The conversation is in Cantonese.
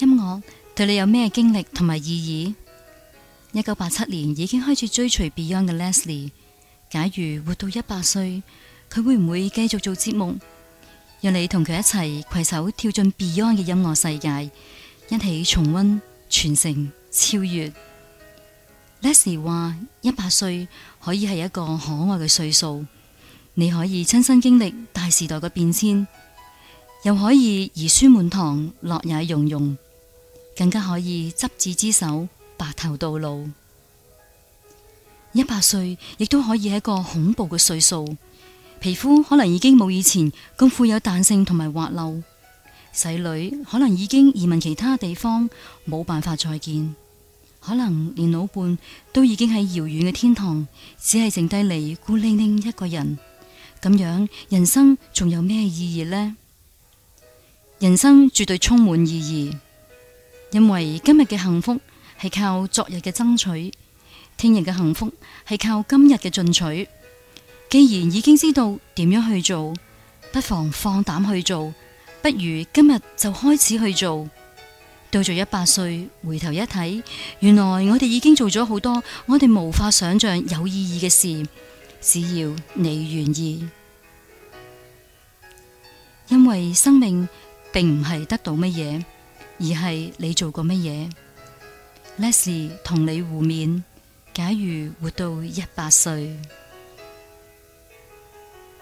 音樂對你有咩經歷同埋意義？一九八七年已經開始追隨 Beyond 嘅 Leslie，假如活到一百歲，佢會唔會繼續做節目？讓你同佢一齊攜手跳進 Beyond 嘅音樂世界，一起重溫、傳承、超越。Leslie 話一百歲可以係一個可愛嘅歲數，你可以親身經歷大時代嘅變遷。又可以兒孫滿堂，樂也融融；更加可以執子之手，白頭到老。一百歲亦都可以係一個恐怖嘅歲數，皮膚可能已經冇以前咁富有彈性同埋滑溜，仔女可能已經移民其他地方，冇辦法再見，可能連老伴都已經喺遙遠嘅天堂，只係剩低你孤零零一個人。咁樣人生仲有咩意義呢？人生絕對充滿意義，因為今日嘅幸福係靠昨日嘅爭取，聽日嘅幸福係靠今日嘅進取。既然已經知道點樣去做，不妨放膽去做，不如今日就開始去做。到咗一百歲回頭一睇，原來我哋已經做咗好多我哋無法想象有意義嘅事。只要你願意，因為生命。並唔係得到乜嘢，而係你做過乜嘢。Leslie 同你互勉，假如活到一百歲。